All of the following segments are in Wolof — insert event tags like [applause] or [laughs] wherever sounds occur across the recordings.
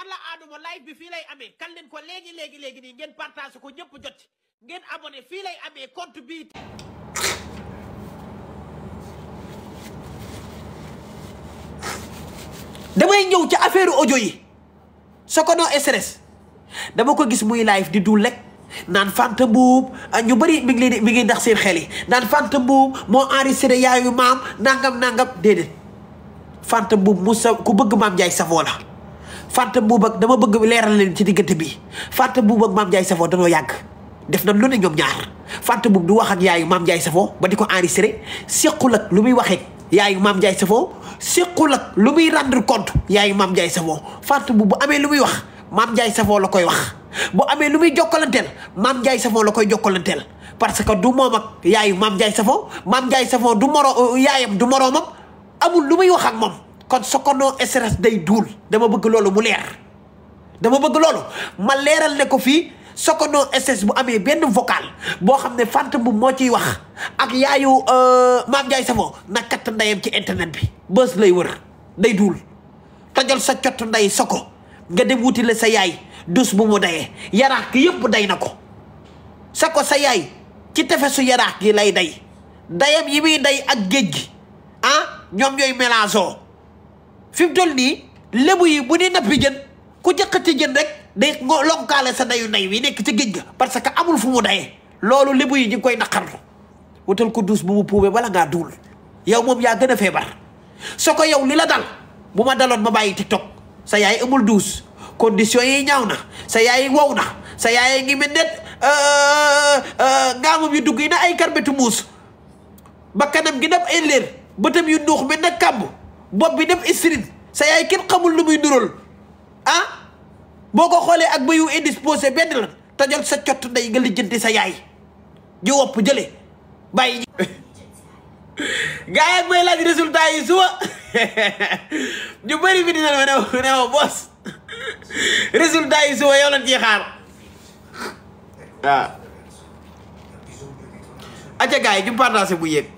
alla aaduma live bi fii lay amee kan leen ko léegi léegi léegi nii ngeen partage ko ñëpp jot ngeen abonné fii lay amee compte damay ñëw ci affaire audio yi Sokono SRS dama ko gis muy live di dul lekk naan Fanta Mbuub ah, ñu bëri mi ngi mi ngi ndax seen xel yi naan Fanta Mbuub moo enregistré yaayu maam nangam nangam déedéet Fanta Mbuub mu sa ku bëgg maam Njaay Savon la Fanta Mbuub ak dama bëgg leeral leen ci diggante bi Fanta Mbuub ak Mame Ndiaye Savon yàgg def na lu ne ñoom ñaar Fanta Mbuub du wax ak yaayu Mame Ndiaye Savon ba di ko enregistré sequl ak lu muy waxee yaayu Mame Ndiaye Savon sequl ak lu muy rendre compte yaayu Mame Ndiaye Savon Fanta Mbuub bu amee lu muy wax Mame Ndiaye Savon la koy wax bu amee lu muy jokkalanteel Mame Ndiaye safoo la koy jokkalanteel parce que du moom ak yaayu Mame Ndiaye Savon Mame Ndiaye Savon du moro yaayam du moroomam amul lu muy wax ak moom kon Sokono SRS day duul dama bëgg loolu mu leer dama bëgg loolu ma leeral ne ko fii Sokono SS bu amee benn vocal boo xam ne Fanta Mboup moo ciy wax ak yaayu euh, Mame Ndiaye Savon na katt ndayam ci internet bi bës lay wër day duul tojal sa cot nday soko nga dem wutile sa yaay dus bu mu dayee yaraax gi yëpp day na ko soko sa yaay ci tefesu yaraax gi lay day dayam yi muy day ak géej gi ah ñoom ñooy mélangeoo fi mu toll nii lébu yi bu ñuy nappi jën ku jëqati jën rek day lonkaale sa dayu nay wi nekk ci géej ga parce que amul fu mu dayee loolu lébu yi ñu ngi koy naqarlu wutal ko duus bu mu puube bala ngaa duul yow moom yaa gën a feebar soo ko yow li la dal bu ma daloon ma bàyyi tiktok sa yaay amul duus condition yi ñaaw na sa yaay wow na sa yaay ngi mel ne euh, euh, euh, ngaamam yu dugg yi na ay karbetu muus bakkanam gi nag ay leer bëtam yu nuux mel na kàmb bopp bi def istrid sa yaay kenn xamul lu muy dural ah boo ko xoolee ak bayu indisposé benn la tojal sa cott day nga lijjanti sa yaay ji wopp jële bàyyi [laughs] gaa yi ak may laaj résultat yi suba [laughs] ñu bëri bi dina ma ne boss [laughs] résultat yi suba yow lañ ciy xaar waaw ah. acca gaa yi ñu bu yéeg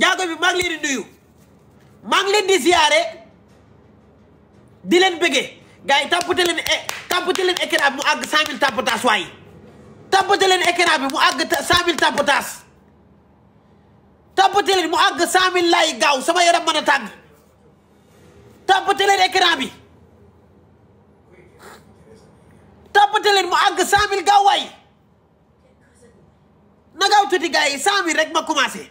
njaago bi maa ngi leen di nuyu maa ngi leen di ziyaare di leen bëggee gars yi tàmpate leen eh, tàmpate leen écran mu àgg cent mille tàmpataas waaye tàmpate leen écran bi mu àgg cent mille tàmpataas tàmpate leen mu àgg cent mille laay gaaw sama yaram mën a tàng tàmpate leen écran bi tàmpate leen mu àgg cent mille gaaw waaye na gaaw tuuti gars yi rek ma commencé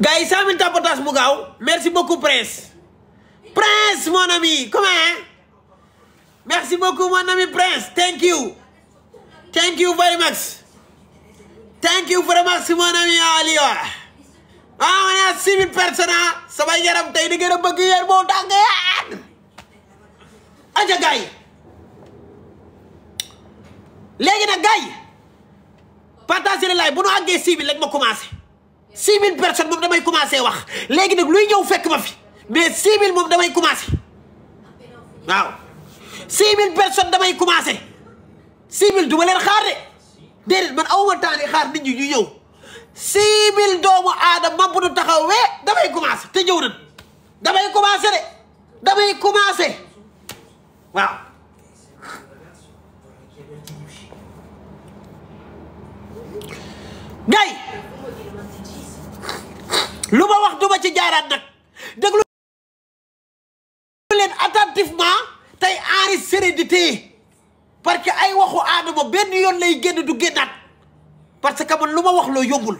gars yi 100000 tapotage bu merci beaucoup prince prince mon ami comment merci beaucoup mon ami prince thank you thank you very much thank you very much mon ami Aliou ah on est à 6000 personnes sama yaram tey di gën a bëgg yéen moo tàngee aja gars yi léegi nag gars yi partagez le live bu nu àggee 6000 lañ ma commencé. six mille personnes moom damay commencé wax léegi nag luy ñëw fekk ma fi mais six moom damay commencé waaw six mille personnes damay commencé six mille du ma leen xaar de déedéet man awuma temps di xaar nit ñi ñu ñëw six mille doomu aadama bu nu taxawee damay commencé te jaw nañ damay commencé de damay commencé waaw lu ma wax duma ci jaaraat nag déglu leen attentivement tey enregistré di téye parce que ay waxu Adama benn yoon lay génn du génnaat parce que man lu ma wax loo yóbbul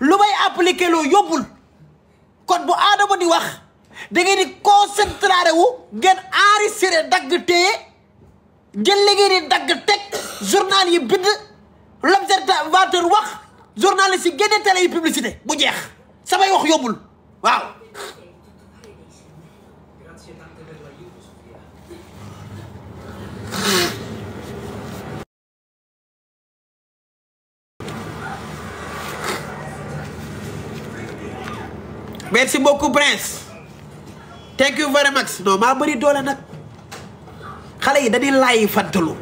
lu may appliqué loo yóbbul kon bu Adama di wax da ngeen di concentré wu ngeen enregistré dagg téye jël li ngeen di dagg teg journal yi bind l'observateur wax journaliste yi génne télé yi publicité bu jeex samay wax yóbbul waaw merci beaucoup prince thank you very much non maa bëri doole nag xale yi dañuy laay fantalu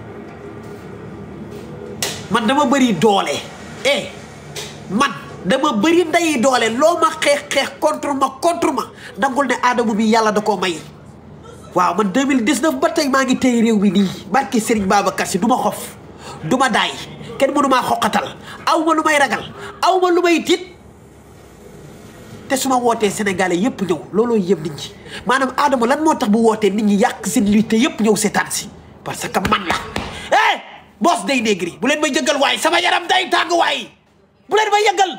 man dama bari doole eh man dama bëri ndeyi doole loo ma xeex xeex contre ma contre ma nangul ne aadama bi yàlla da koo may waaw man 2019 ba tey maa ngi téye réew mi nii barki Serigne Babacar Sy du ma xof du ma daay kenn mënu maa xoqatal aw ma lu may ragal aw ma lu may tiit te su ma wootee sénégalais yëpp ñëw looloo yëpp nit ñi maanaam aadama lan moo tax bu wootee nit ñi yàq seen lutte yëpp ñëw seetaan si parce que man la eh boss day négri bu leen may jëggal waay sama yaram day tàng waay bu leen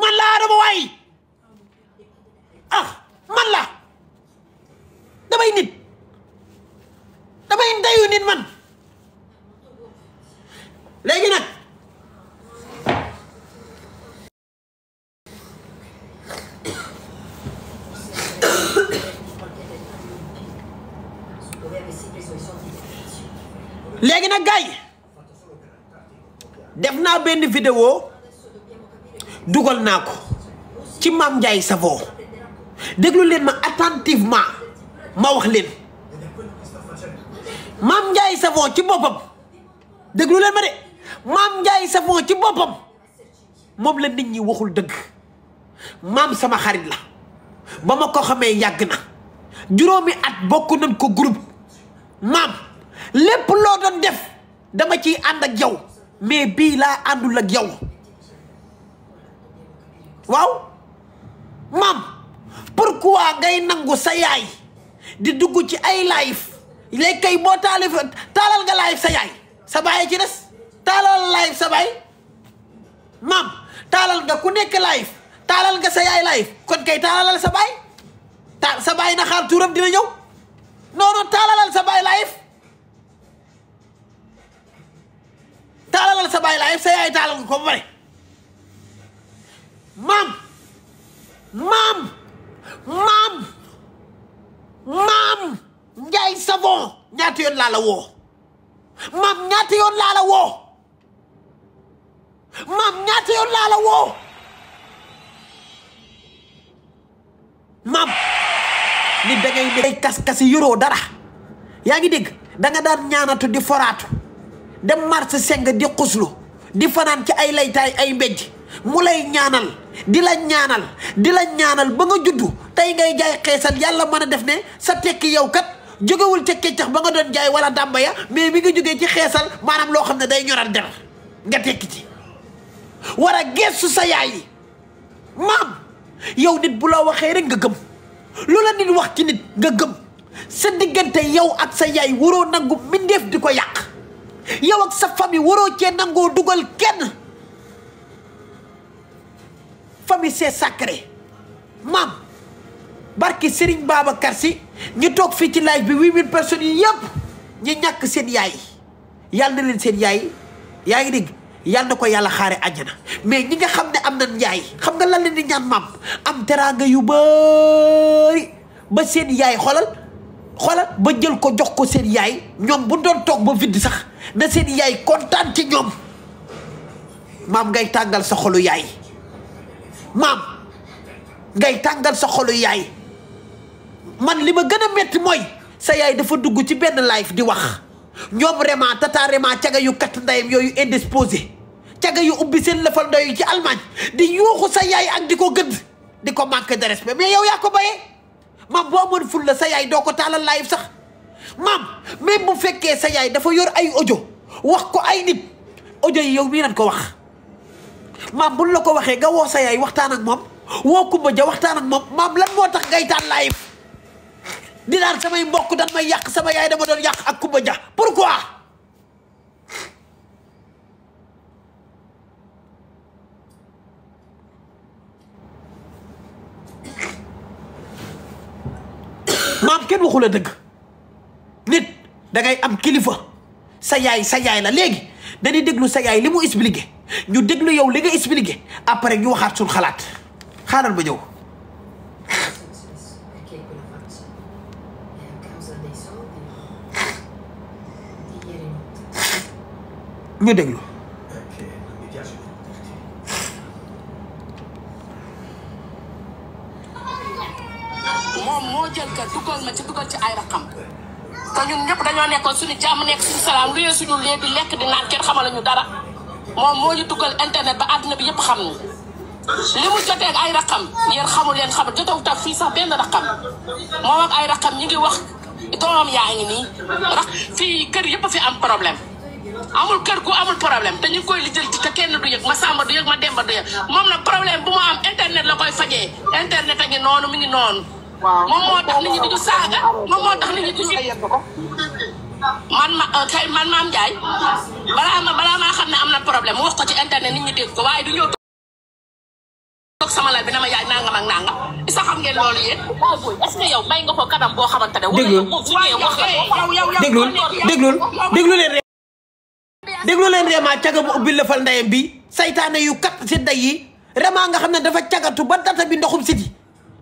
man la Adama waay ah man damay nit damay nit man léegi nag léegi nag gars def naa benn vidéo dugal naa ko ci maam njaay Savon déglu leen ma attentivement ma wax leen maam Ndiaye Savon ci boppam déglu leen ma de Mame Ndiaye Savon ci boppam moom la nit ñi waxul dëgg maam sama xarit la ba ma ko xamee yàgg na juróomi at bokk nañ ko groupe maam lépp loo doon def dama ciy ànd ak yow mais bii laa àndul ak yow waaw maam pourquoi ngay nangu sa di dugg ci ay live léegi kay boo taalal nga live sa yaay sa baay ci des taalal live sa baay maam taalal nga ku nekk live taalal nga sa yaay live kon kay taalalal sa baay ta sa baay na xaar turam dina ñëw non taalalal sa baay live sa baay live sa yaay taalal nga ko pare maam maam maam maam Ndiaye Savon ñaata yoon laa la woo maam ñaata yoon laa la woo maam ñaata yoon laa la woo maam dara yaa ngi dégg danga nga daan ñaanatu di foraatu dem marché seng di xuslu di fanaan ci ay laytaay ay mbéj mu lay ñaanal di la ñaanal di la ñaanal ba nga juddu tey ngay jaay xeesal yàlla mën a def ne sa tekki yow kat jógewul ca keccax ba nga doon jaay wala dàmba ya mais bi nga jógee ci xeesal maanaam loo xam ne day ñoral der nga tekki ci war a geestu sa yaay yi maam yow nit bu la waxee rek nga gëm loo la nit wax ci nit nga gëm sa diggante yow ak sa yaay waroo nangu mbindeef di ko yàq yow ak sa famille waroo cee nangoo dugal kenn famille c'est sacré maam barki Serigne Babacar Sy ñu toog fii ci live bi huit mille personnes yi yëpp ñu ñàkk seen yaay yal na leen seen yaay yaa ngi dégg yal na ko yàlla xaare àjjana mais ñi nga xam ne am na yaay xam nga lan leen di ñaan maam am teraanga yu bëri ba seen yaay xoolal xoolal ba jël ko jox ko seen yaay ñoom bu doon toog ba vidde sax na seen yaay kontaan ci ñoom maam ngay tàngal sa xolu yaay maam ngay tàngal sa xolu yaay man li ma gën a metti mooy sa yaay dafa dugg ci benn live di wax ñoom vraiment tata vraiment caga yu kat ndeyam yooyu indisposé caga yu ubbi seen lëfal ndeyu ci Allemagne di yuuxu sa yaay ak di ko gëdd di ko manque de respect mais yow yaa ko bayee maam boo amoon ful la sa yaay doo ko taalal sax maam même bu fekkee sa yaay dafa yor ay ojo wax ko ay nit ojo yi yow mii nan ko wax maam buñ la ko waxee nga woo sa yaay waxtaan ak moom woo Kumba ja waxtaan ak moom maam lan moo tax ngay taan live di naan samay mbokk dan may yàq sama yaay dama doon yàq ak Kumba ja pourquoi maam kenn waxu la dëgg nit da am kilifa sa yaay sa yaay la léegi dañuy déglu sa li mu expliqué ñu déglu yow li nga expliqué après ñu waxaat suñu xalaat xaaral ba ñëw. ñu déglu. moom moo jël kër dugal ma ci dugal ci ay raxam te ñun ñëpp dañoo nekkoon suñu jàmm nekk suñu salaam lu yee suñu léebi lekk di kenn xamal ñu dara. moom moo ñu dugal internet ba àdduna bi yëpp xam ni li mu jotee ak ay raqam yéen xamul leen xamul jotewut ak fii sax benn raqam moom ak ay raqam ñu ngi wax doomam yaa ngi nii fii kër yëpp fi am problème amul kër gu amul problème te ñu ngi koy lijjanti te kenn du yëg ma Samba du yëg ma Demba du yëg moom nag problème bu mu am internet la koy fajee internet a ngi noonu mi ngi noonu. moom moo tax nit ñi di ñu saaga moom moo tax nit ñi di ñu. man ma euh, kay man maam na problème wax ko ci internet nit ñi dégg ko waaye du ñëw toog sama lal bi na ma yaay nangam ak nangam est-ce ko kanam boo xamante ne. déglul déglul déglul déglu leen rek. déglu leen réemaa caga bu ubbil lafal ndeyam bi saytaane yu kat si day yi réemaa nga xam ne dafa cagatu ba data bi ndoxum siti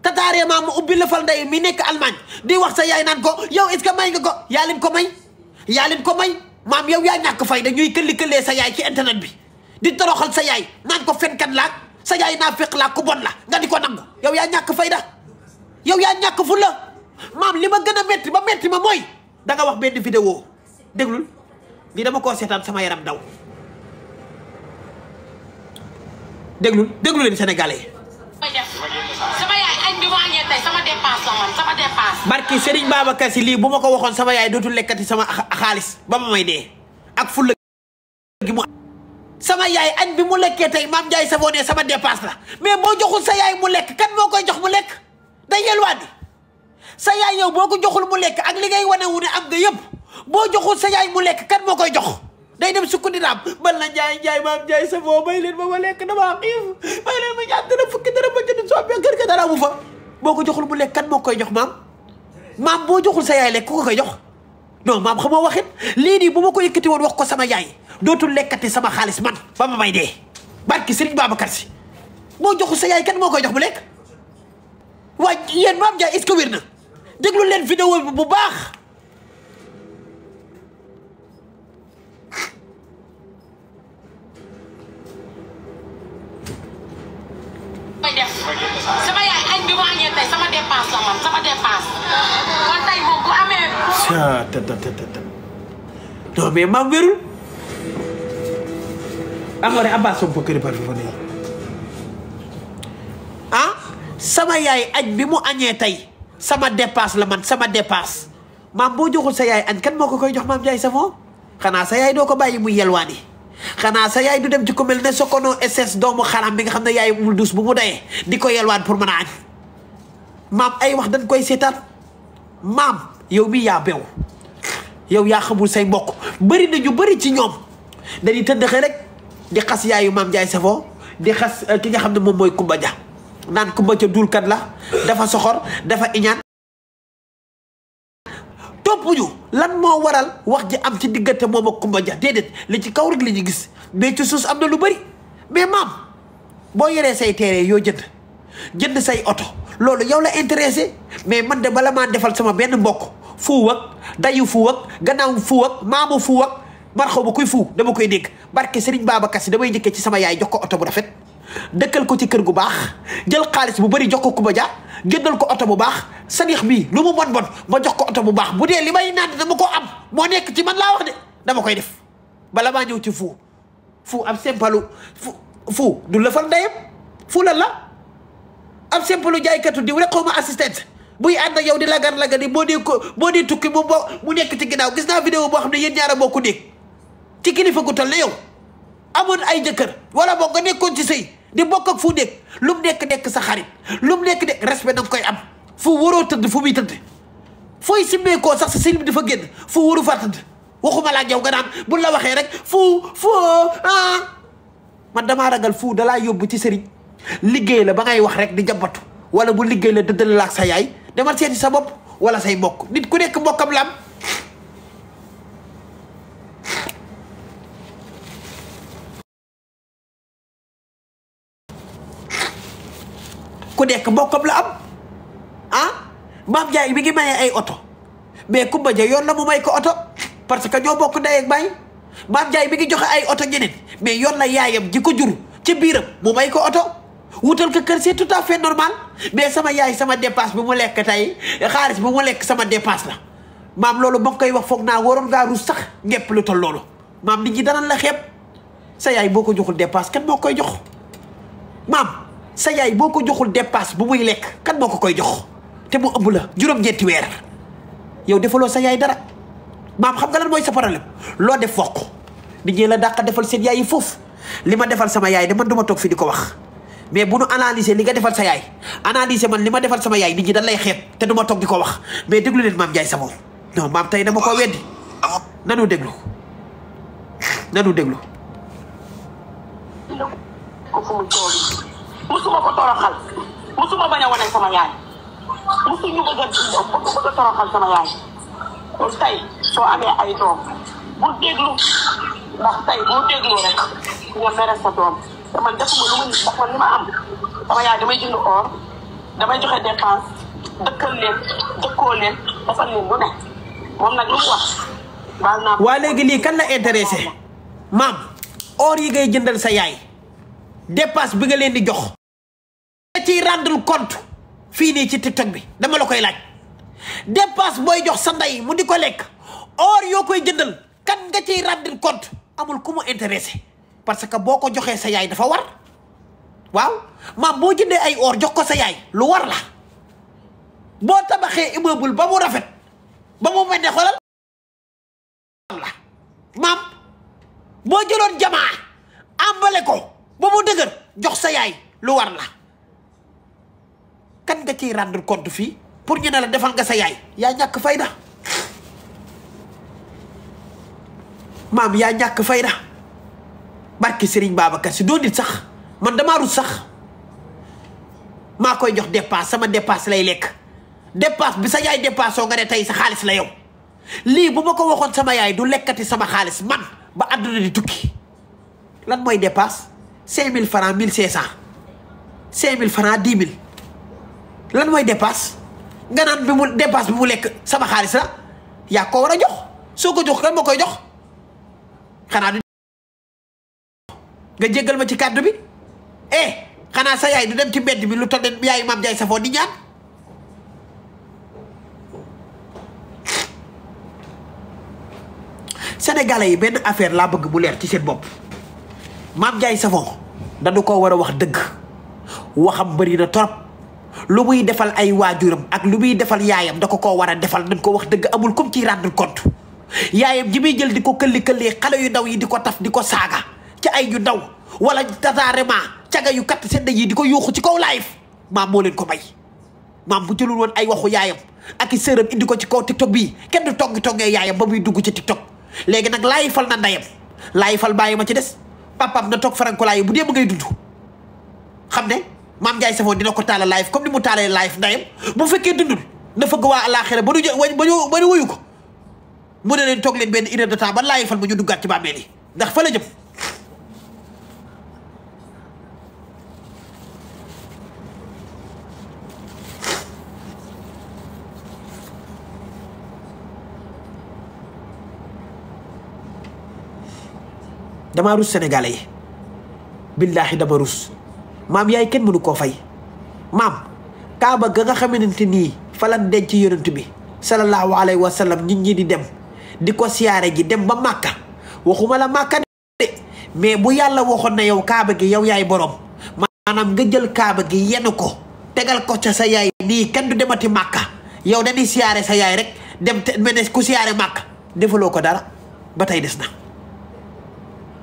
tata réemaa mu ubbil lafal ndeyam mi nekk Allemagne di wax sa yaay naan ko yow est may nga ko yaa leen ko may. yaa leen ko may maam yow yaa ñàkk fay dañuy këlli-këllee sa yaay ci internet bi di toroxal sa yaay naan ko fenkat laa sa yaay naa féq laa ku bon la nga di ko nangu yow yaa ñàkk fay fayda yow yaa ñàkk fu la maam li ma gën a metti ba metti ma mooy danga nga wax benn vidéo déglul lii dama koo seetaan sama yaram daw déglul déglu leen sama dépense. barki Serigne Babacar Si lii bu ma ko waxoon sama yaay dootul lekkati sama xaalis ba ma may dee ak fulla sama yaay añ bi mu lekkee tey maam Ndiaye Savon ne sama dépense la mais boo joxul sa mu lekk kan moo koy jox mu lekk day yelwaani sa yaay yow boo ko joxul mu lekk ak li ngay wane wu ne am nga yëpp boo joxul sa yaay mu lekk kan moo koy jox day dem sukk di raam bal na Ndiaye Ndiaye maam Ndiaye Savon may leen ba ma lekk dama am xiif may leen ma ñaar dara fukki dara mu fa. boo ko joxul mu lekk kan moo koy jox maam maam boo joxul sa yaay lekk ko koy jox non maam xamoo waxit lii nii bu ma ko yëkkati woon wax ko sama yaay dootul lekkati sama xaalis man ba ma may dee barki Sëriñ Babacar Si boo joxul sa yaay kan moo koy jox mu lekk waaye yéen maam Ndiaye est-ce que na déglu leen vidéo bu baax bi wàññee tey sama dépense la man sama dépense kon maam ah, bi mu añee tey sama dépense la man sama dépense maam boo joxul sa yaay añ kan moo ko koy jox maam Ndiaye Savon xanaa sa yaay doo ko bàyyi muy yelwaani. xanaa sa yaay du dem ci ku mel ne Sokono SS doomu xaram bi nga xam ne yaay umul dus bu mu dayee di ko yelwaan pour mën a añ maam ay wax dañ koy seetaan maam yow mii yaa bew yow yaa xamul say mbokk bëri na ñu bari ci ñoom dañuy tëddaxe rek di xas yaayu maam Ndiaye Savon di xas eh, ki nga xam ne moom mooy Kumba Dia naan Kumba Dia dulkat la dafa soxor dafa iñaan toppuñu lan moo waral wax ji am ci diggante moom ak Kumba Dia ci kaw rek li ñu gis mais ci suus am na lu bari mais maam boo yoree say teere yoo jënd jënd say oto loolu yow la intéressé mais man de bala maa defal sama benn mbokk fuu ak dayu fuu gannaaw fuu ak maamu fuu ak marxaw kuy fuu dama koy dégg barke Serigne baaba Sy damay njëkkee ci sama yaay jox ko oto bu rafet dëkkal ko ci kër gu baax jël xaalis bu bëri jox ko Kumba Dia génnal ko oto bu baax sanix bii lu mu bon bon ma jox ko oto bu baax bu dee li may naan dama koo am moo nekk ci man laa wax de dama koy def bala maa ñëw ci fu fuu du lëfal ndeyam fuu lan la ab simple jaaykatu diw rek xaw ma assistance buy ànd ak yow di lagar lagar yi boo dee ko boo dee tukki moom boo mu nekk ci ginnaaw gis naa vidéo boo xam ne yéen ñaara boo ko dégg ci kilifa gu toll ne yow amoon ay jëkkër wala boo nga nekkoon ci sëy di bokk ak fu nekk lu mu nekk nekk sa xarit lu mu nekk nekk respect da koy am fu waroo tëdd fu muy tëdd fooy simmee sax sa silib dafa génn fu waru faa tëdd waxuma laa yow nga bu la waxee rek fu fu ah man damaa ragal fu dalaa yóbbu ci sëriñ liggéey la ba ngay wax rek di jabatu wala bu liggéey la dëddal la ak sa yaay demal seeti sa bopp wala say mbokk nit ku nekk mbokkam la am ku nekk mbokkam la am ah maam Njaay mi ngi maye ay oto mais ku Ja yoon la mu may ko oto parce que ñoo bokk ndey baay maam Njaay mi ngi joxe ay oto ñeneen mais yoon la yaayam ji ko jur ci biiram mu may ko oto wutal ko kër c'est tout à fait normal mais sama yaay sama dépasse bi mu lekk tey xaalis bi mu lekk sama dépasse la maam loolu ba koy wax foog naa waroon ngaa rus sax ñepp lu toll loolu maam nit ñi danañ la xeeb sa yaay boo ko joxul dépasse kan moo koy jox maam sa yaay boo ko joxul dépasse bu muy lekk kan moo ko koy jox te mu ëmb la juróom-ñetti weer yow defaloo sa yaay dara maam xam nga lan mooy sa problème loo def wax ko nit ñi la dàq defal seen yaay yi foofu li ma defal sama yaay de man du ma toog fii di ko wax mais bu nu analyser li nga defal sa yaay analyser man li ma defal sama yaay nit ñi dañ lay xeeb te du ma toog di ko wax mais déglu leen maam Ndiaye Savon non maam tey dama ko weddi nanu déglu nanu déglu. ko fu mu tool musuma ko toroxal musuma bañ a wane sama yaay musuñu bëgg a bëgg a toroxal sama yaay kon tey soo amee ay doom bu déglu ndax tey boo déglu rek nga mere sa doom. man defuma lu damay jënd or damay joxe dépense dëkkal leen dëkkoo leen moom nag lu wax naa waa léegi lii kan la intéresé maam or yi ngay jëndal sa yaay dépense bi nga leen di jox da ciy rendre compte fii nii ci tiktok bi dama la koy laaj dépense booy jox sa ndey mu di ko lekk or yoo koy jëndal kan nga ciy rendre compte amul ku mu intéressé parce que boo ko joxee sa yaay dafa war waaw maam boo jëndee ay or jox ko sa yaay lu war la boo tabaxee immeuble ba mu rafet ba mu mel ne xolal la maam boo jëloon jamaa àmbale ko ba mu dëgër jox sa yaay lu war la kan nga ciy rendre compte fii pour ñu ne la defal nga sa yaay yaa ñàkk fayda maam yaa ñàkk fayda barki Serigne Babacar si doo dit sax man damaa rut sax maa koy jox dépasse sama dépasse lay lekk dépasse bi sa yaay dépassoo nga ne tey sa xaalis la yow lii bu ma ko waxoon sama yaay du lekkati sama xaalis man ba àdduna di tukki lan mooy dépasse cinq mille francs mille cinq cent cinq mille francs dix mille mooy dépasse nga naan bi mu mu lekk sama xaalis yaa ko war a jox soo ko jox kan ma koy jox xanaa nga jéggal ma ci kàddu bi eh xanaa sa yaay du dem ci bedd bi lu toll nii yaay maam Ndiaye Savon di ñaan. Sénégalais yi benn affaire laa bëgg bu leer ci seen bopp maam Ndiaye Savon dañu koo war a wax dëgg waxam bëri na torop lu muy defal ay waajuram ak lu muy defal yaayam da ko koo war a defal dañ ko wax dëgg amul comme ci rendre compte yaayam ji muy jël di ko këlli këllee xale yu ndaw yi di ko taf di ko saaga. ci ay yu ndaw wala tasaarement caga yu kat sedd yi di ko yuuxu ci kaw live maam moo leen ko may maam bu jëlul woon ay waxu yaayam ak i sëram indi ko ci kaw tiktok bii kenn du togg toggee yaayam ba muy dugg ci tiktok léegi nag laay fal na ndayam laay fal bàyyi ma ci des papaam na toog farankulaayu bu dee ma ngay dund xam ne maam Ndiaye Savon dina ko taala live comme ni mu taalee live ndayam bu fekkee dundul na fëgg waa àllaaxira ba nu jë ba ñu ba nu wuyu ko mu ne leen toog leen benn une heure ba laay fal ma ñu duggaat ci bàmmeel yi ndax fa la jëm damaa rus sénégalais yi billaahi dama rus maam yaay kenn mënu koo fay maam kaaba ga nga xamante nii falan denc yonent bi sallallahu alayhi wa sallam nit ñi di dem di ko siyaare ji dem ba màkka waxuma la màkka de mais bu yàlla waxoon na yow kaaba gi yow yaay borom maanaam nga jël kaaba gi yenn ko tegal ko ca sa yaay nii kenn du demati màkka yow dañuy siyaare sa yaay rek dem te mel ne ku siyaare màkka defaloo ko dara ba tey des na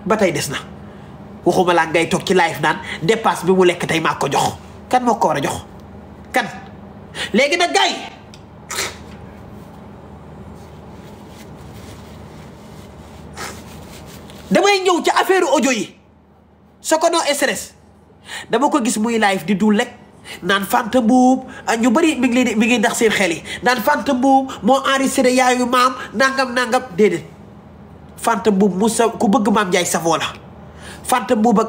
ba tey des na waxuma laa ngay toog ci live naan dépasse bi mu lekk tey maa ko jox kan moo ko war a jox kan léegi nag gars damay ñëw ci affaire audio yi Sokono SRS dama ko gis muy live di dul lekk naan Fanta Mbuub ah, ñu bari mi ngi leen mi ngi ndax seen xel yi naan Fanta Mbuub moo enregistré yaayu maam nangam nangam déedéet Fanta Mbuub mu sa ku bëgg Maam Ndiaye Savon la ak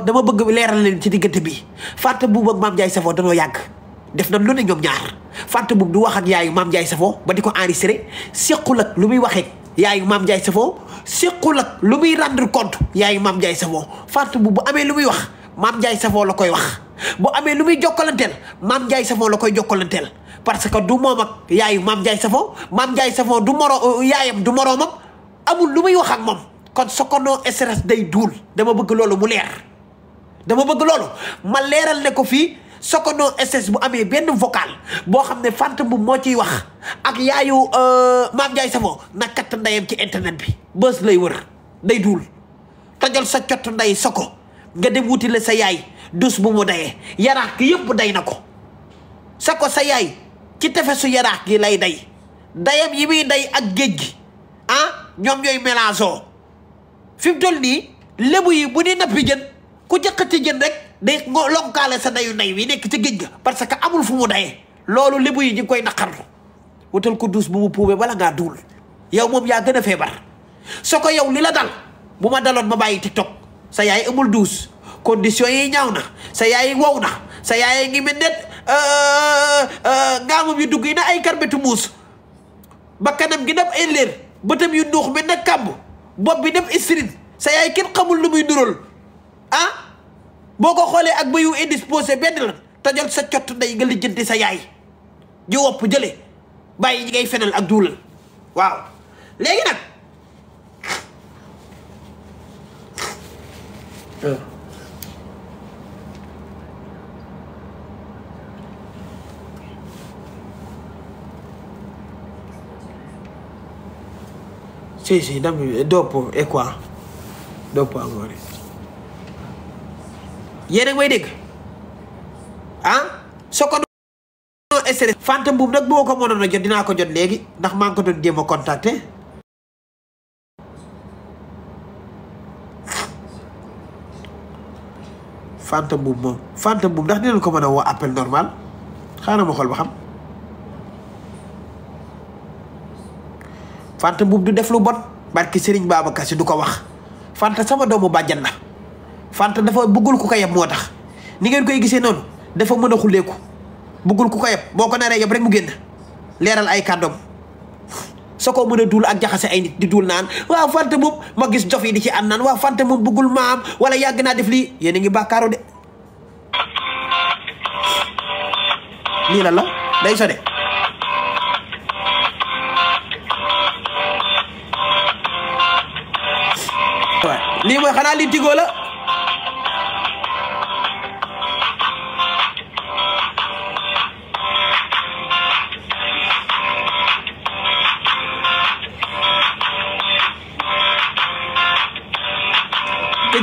dama bëgg leeral leen ci diggante bi Fanta Mbuub ak Maam Ndiaye yàgg def na lu ne ñoom ñaar Fanta Mbuub du wax ak yaayu Maam Ndiaye Savon ba di ko enregistré sequl ak lu muy waxee yaayu Maam Ndiaye Savon sequl ak lu muy rendre compte yaayu Maam Ndiaye Savon Fanta Mbuub bu amee lu muy wax Maam Ndiaye Savon la koy wax bu amee lu muy jokkalanteel Maam Ndiaye Savon la koy jokkalanteel parce que du moom ak yaayu Maam Ndiaye Savon Maam Ndiaye Savon du moro yaayam du moroomam amul lu muy wax ak moom kon Sokono SRS day duul dama bëgg loolu mu leer dama bëgg loolu ma leeral ne ko fii Sokono SS bu amee benn vocal boo xam ne fantôme bu moo ciy wax ak yaayu euh, Mame Ndiaye Savon na katt ndeyam ci internet bi bës lay wër day duul tajal sa cott nday soko nga dem wuti la sa yaay dus bu mu dayee yaraax gi yëpp day na ko soko sa yaay ci tefesu yaraax gi lay day dayam yi muy day ak géej gi ah ñoom ñooy mélangeoo fi mu nii lébu yi bu ni nappi jën ku jëkkati jën rek day lonkaale sa dayu nday wi nekk ci géej ga parce que amul fu mu dayee loolu lébu yi ñu ngi koy naqarlu wutal ko duus bu mu puube bala ngaa yow moom yaa gën a feebar yow li la dal bu ma daloon ma bàyyi tiktok sa yaay amul duus condition yi ñaaw na sa yaay wow na sa yaay ngi mel ne euh, euh, euh, ngaamam yu dugg yi na ay karbetu muus ba kanam gi dem ay bëtam yu duux bi nag kàmb bopp bi def istrid sa yaay kenn xamul lu muy dural ah boo ko xoolee ak ba yu indisposé benn tajal sa cott nday nga lijjanti sa yaay ji wopp jële bàyyi ñi ngay fenal ak duulal waaw léegi nag euh. Sì, sì, dammi, dopo è qua. Dopo, amore. Yéen a may dégg ah soo ko doon essayé. Fanta Mbuub nag boo ko mënoon a jot dinaa ko jot léegi ndax maa ngi ko doon jéem a contacter. Fanta Mbuub moom Fanta Mbuub ndax dinañ ko mën a woo appel normal xaaral ma xool ba xam. Fanta Mbuub du def lu bon barki Serigne Babacar Si du ko wax Fanta sama doomu bàjjan la Fanta dafa bëggul ku ko yeb moo tax ni ngeen koy gisee noonu dafa mën a xuleeku bëggul ku ko yeb boo ko naree yeb rek mu génn leeral ay kàddoom soo ko mën a duul ak jaxase ay nit di duul naan waaw Fanta moom ma gis jof yi di ci am naan waaw Fanta moom bëggul maam wala yàgg naa def lii yéen a ngi bàkkaaru de lii la la day sone lii mooy xanaa li Tigo la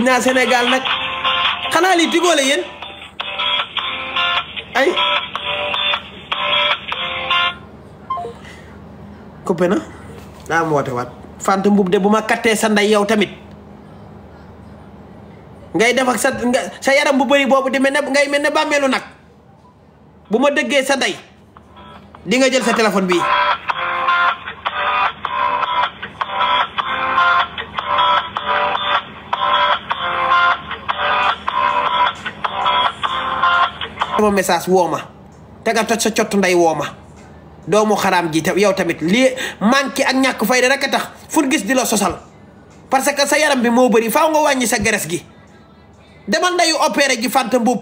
naa Sénégal nag xanaa li Tigo la yéen ay coupé na daa am woote waat fanta mbub de bu ma kattee sa ndey yow tamit ngay def ak sa sa yaram bu bëri boobu di mel ne ngay mel ne bàmmeelu nag bu ma dëggee sa day di nga jël sa téléphone bii. sama message woo ma te nga sa cottu ndey woo ma doomu xaraam ji te yow tamit lii manqué ak ñàkk fayda rek a tax fu gis di la sosal parce que sa yaram bi moo bëri faaw nga wàññi sa geres gi. demal ndeyu opéré gi fànta mbuub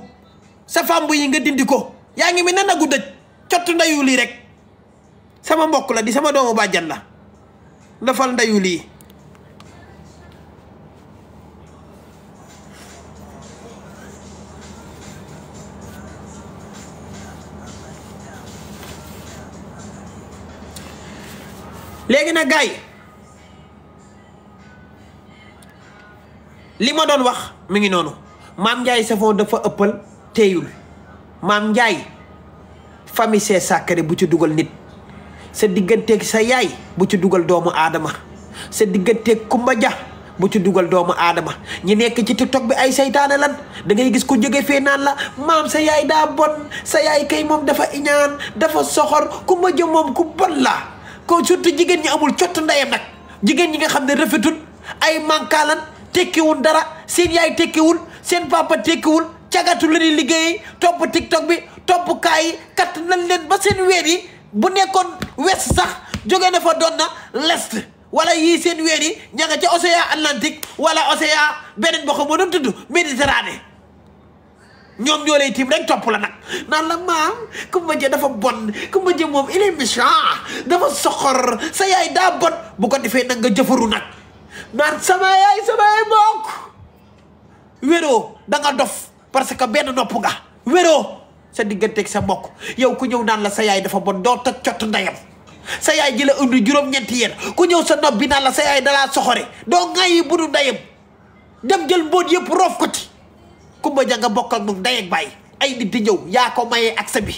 sa fàmb yi nga dindi ko yaa ngi mi ne nagu dëj cottu ndayu lii rek sama mbokk la di sama doomu bàjjan la dafal ndeyu lii léegi na gars li ma doon wax mi ngi noonu maam Ndiaye Savon dafa ëppal teeyul maam Ndiaye fami c'est sacré bu ci dugal nit sa digganteek sa yaay bu ci dugal doomu aadama sa digganteeg Kumba Ja bu ci dugal doomu aadama ñi nekk ci tiktok bi ay seytaane lan da ngay gis ku jóge fee naan la maam sa yaay daa bon sa yaay kay moom dafa iñaan dafa soxor Kumba Ja moom ku bon la ko surtout jigéen ñi amul cott ndeyam nag jigéen ñi nga xam ne rafetul ay mànkaalan tekkiwul dara seen yaay tekkiwul seen papa tekkiwul cagatu la ñuy liggéey topp tiktok bi topp kaa yi kat nañ leen ba seen weer yi bu nekkoon west sax jóge na fa doon na lest wala yii seen weer yi ña nga ca océan Atlantique wala océan beneen boo ko mënoon tudd Méditerranée ñoom ñoo lay tiim rek topp la nag naan la maam Kumba Dia dafa bon Kumba Dia moom il est dafa soxor sa yaay daa bon bu ko defee nag nga jëfaru nag naan sama yaay sama wéroo da nga dof parce que benn nopp nga wéroo sa digganteeg sa mbokk yow ku ñëw naan la sa yaay dafa bon doo toj cott ndeyam sa yaay ji la indi juróom-ñeenti yéen ku ñëw sa nopp bi naan la sa yaay dalaa soxore doo ŋayi bu nu ndeyam dem jël mbóot yëpp roof ko ci kumba ja nga bokk ak moom ndey ay nit di ñëw yaa ko mayee ak sa bi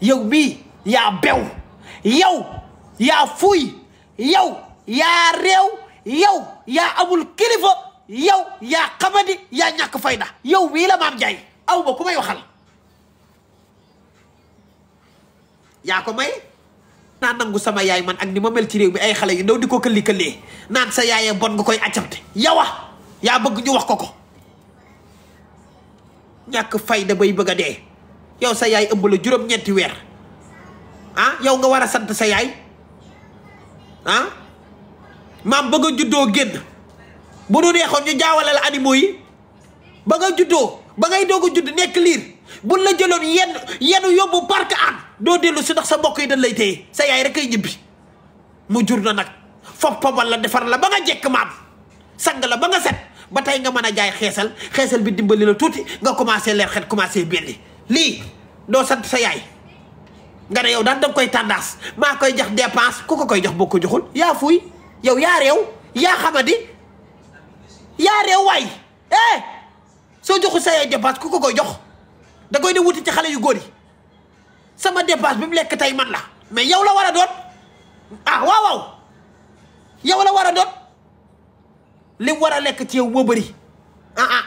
yow mii yaa bew yow yaa fuuy yow yaa réew yow yaa amul kilifa yow yaa xamadi yaa ñàkk fayda yow wii la maam jaay aw ma ku may waxal yaa ko may naa nangu sama yaay man ak ni ma mel ci réew mi ay xale yu ndaw di ko këlli këllee naan sa yaayee bon nga koy accamte yowa ah, yaa bëgg ñu wax ko ko ñàkk fayda bay bëgg a dee yow sa yaay ëmb la juróom-ñetti weer ah yow nga war a sant sa yaay ah maam bëgg a juddoo génn bu nu neexoon ñu jaawale la animaux yi ba nga juddoo ba ngay doog a judd nekk liir buñ la jëloon yenn yenn yóbbu parc an doo dellu si ndax sa mbokk yi dañ lay téye sa yaay rek ay ñibbi mu jur na nag fopp pobal la defar la ba nga jekk maam sang la ba nga set ba tey nga mën a jaay xeesal xeesal bi dimbali la tuuti nga commencé leer xet commencé belli lii doo sant sa yaay nga ne yow daan danga koy tàndaas maa koy jox dépense ku ko koy jox boo ko joxul yaa yow yaa réew yaa yaa réew waay eh soo joxul sa yaay dépense ku ko koy jox da koy de wuti ci xale yu góor yi sama dépense bi mu lekk tey man la mais yow la war a doon ah waaw waaw yow la war a doon li mu war a lekk ci yow moo bëri ah ah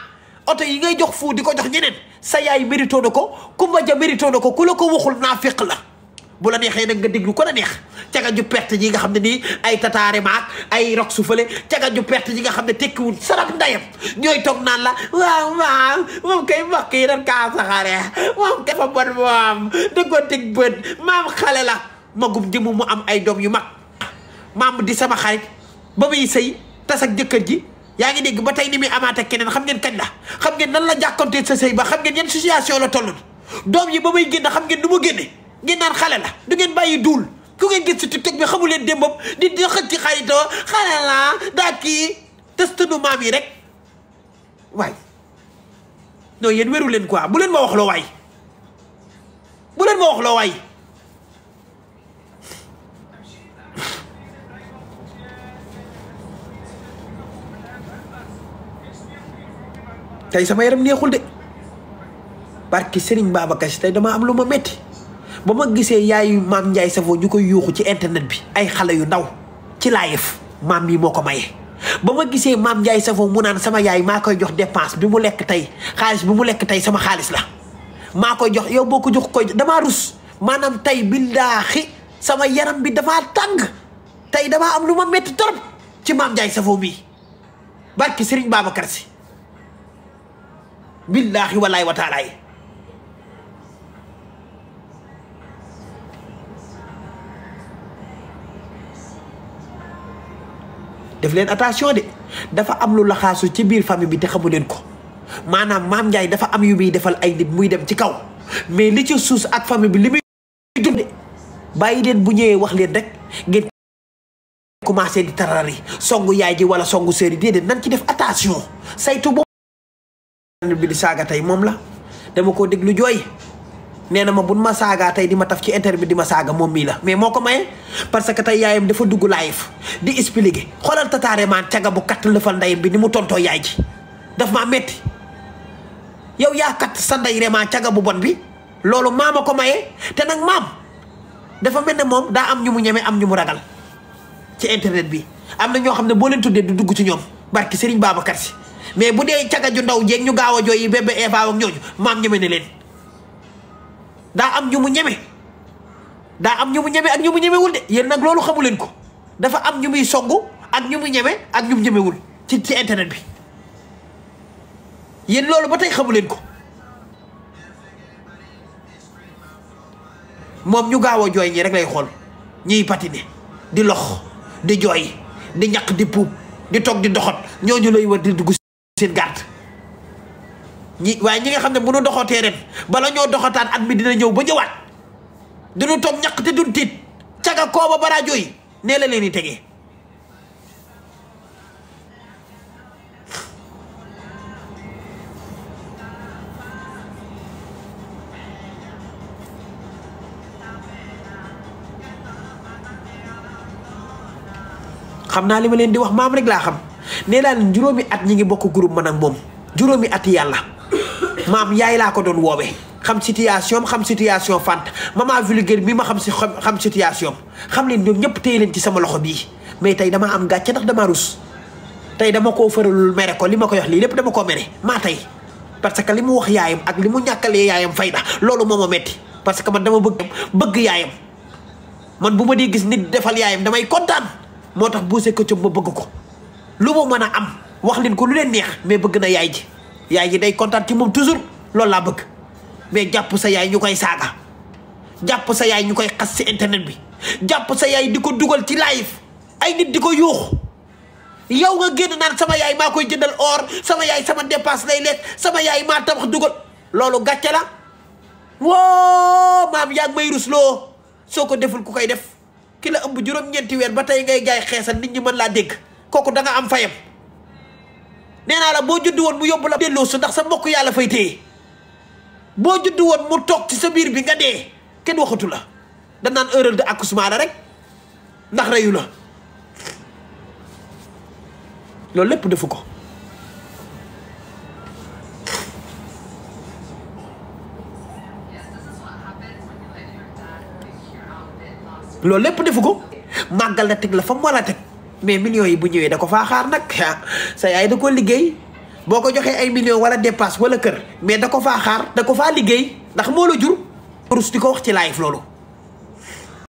oto yi ngay jox fuu di ko jox ñeneen sa yaay mérito na ko Kumba a mérito na ko ku la ko waxul naa féq la bu la neexee nag nga déglu ko la neex. caga ju perte ji nga xam ne nii ay tataare maak ay rok su fële caga perte ji nga xam ne tekkiwul sarak ndayam ñooy toog naan la waaw waaw moom kay mbokk yi dan kaa saxare moom dafa bon moom da ko teg bët maam xale la magum jëmu mu am ay doom yu mag maam di sama xarit ba muy sëy tas ak jëkkër ji yaa ngi dégg ba tey ni muy amaat keneen xam ngeen kañ la xam ngeen nan la jàkkonteel sa sëy ba xam ngeen yan situation la tolloon doom yi ba muy génn xam ngeen du ma génne ngeen naan xale la du ngeen duul ku ngeen gis ci TikTok bi xamu leen démbam di di xëcc xaritoo xalala daa kii testanu maam yi rek waay non yéen wéru leen quoi bu leen ma wax loo waay bu leen ma wax loo waay tey sama yaram neexul de barki Serigne Babacar tey dama am lu ma metti ba ma gisee yaay maam Ndiaye Savon ñu koy yuuxu ci internet bi ay xale yu ndaw ci laayef maam yi moo ko maye. ba ma gisee maam Ndiaye Savon mu naan sama yaay maa koy jox dépense bi mu lekk tey xaalis bi mu lekk tey sama xaalis la maa koy jox yow boo ko jox koy damaa rus maanaam tey billaahi sama yaram bi damaa tàng tey dama am lu ma métti torop ci maam Ndiaye Savon bii barki Serigne Babacar Sy billaahi walaay wa taalaay def leen attention de dafa am lu laxaasu ci biir famille bi te xamu leen ko maanaam maam Ndiaye dafa am yu muy defal ay nit muy dem ci kaw mais li ci suus ak famille bi li muy dunde bàyyi leen bu ñëwee wax leen rek ngeen commencé di tarari songu yaay ji wala songu sëriñ déedéet nan ci def attention saytu boobu bi di saaga tey moom la dama koo déglu jooy nee na ma buñ ma saagaa tey di ma taf ci internet bi di ma saaga moom mii la mais moo ko maye parce que tey yaayam dafa dugg live di expliquer xoolal tataare maan caga bu katt lëfal ndeyam bi ni mu tontoo yaay ji daf maa metti yow yaa kat sa ndey vraiment caga bu bon bi loolu maama ko maye te nag maam dafa mel ne moom daa am ñu mu ñeme am ñu mu ragal ci internet bi am na ñoo xam ne boo leen tuddee du dugg ci ñoom barki Serigne Babacar si mais bu dee caga ju ndaw jeeg ñu gaaw a jooy yi ñooñu maam ñeme ne leen daa am ñu mu ñeme daa am ñu mu ñeme ak ñu mu ñemewul de yéen nag loolu xamu leen ko dafa am ñu muy song ak ñu mu ñeme ak ñu mu ñemewul ci ci internet bi yéen loolu ba tey xamu leen ko moom ñu gaaw a jooy ñi rek lay xool ñiy patine di lox di jooy di ñaq di puub di toog di doxat ñooñu lay war di dugg seen garde ñi waaye ñi nga xam ne bu nu doxatee ren bala ñoo doxataan at mi dina ñëw ba ñëwaat duñu toog ñaq te duñ tiit caga kooba nee la leen di tegee xam naa li ma leen di wax maam rek laa xam nee naa leen juróomi at ñi ngi bokk groupe man ak moom juróomi at yàlla maam yaay laa ko doon woowee xam situation xam situation fant maman vulgaire bi ma xam si xam situation xam leen ñoom ñëpp téye leen ci sama loxo bii mais tey damaa am gàcce ndax dama rus tey dama koo fëralul mere ko li ma ko wax lii lépp dama koo mere maa tey parce que li mu wax yaayam ak li mu ñàkkalee yaayam fay fayda loolu moo ma metti parce que man dama bëgg bëgg yaayam man bu ma dee gis nit defal yaayam damay kontaan moo tax buuse ko ma bëgg ko lu ma mën a am wax leen ko lu leen neex mais bëgg na yaay ji yaay ji day kontaan ci moom toujours loolu laa bëgg mais jàpp sa yaay ñu koy saaga jàpp sa yaay ñu koy xas si internet bi jàpp sa yaay di ko dugal ci live ay nit di ko yuux yow nga génn naan sama yaay maa koy jëndal or sama yaay sama dépense lay lekk sama yaay ma tabax dugal loolu gàcce la woo maam yaa ngi may rusloo soo ko deful ku koy def ki la ëmb juróom-ñeenti weer ba tey ngay jaay xeesal nit ñi mën laa dégg kooku danga nga am fayam. nee naa la boo juddu woon mu yóbbu la delloo su ndax sa mbokk yàlla fay téye boo juddu woon mu toog ci sa biir bi nga dee kenn waxatu la da naan de accouchement la rek ndax reyu la loolu lépp defu ko loolu lépp defu ko màggal la teg la fa mu a teg mais millions yi bu ñëwee da ko faa xaar nag [laughs] sa yaay da ko liggéey boo ko joxee ay millions wala dépace wala kër mais da ko faa xaar da ko faa liggéey ndax moo la jur. rus di ko wax ci live loolu.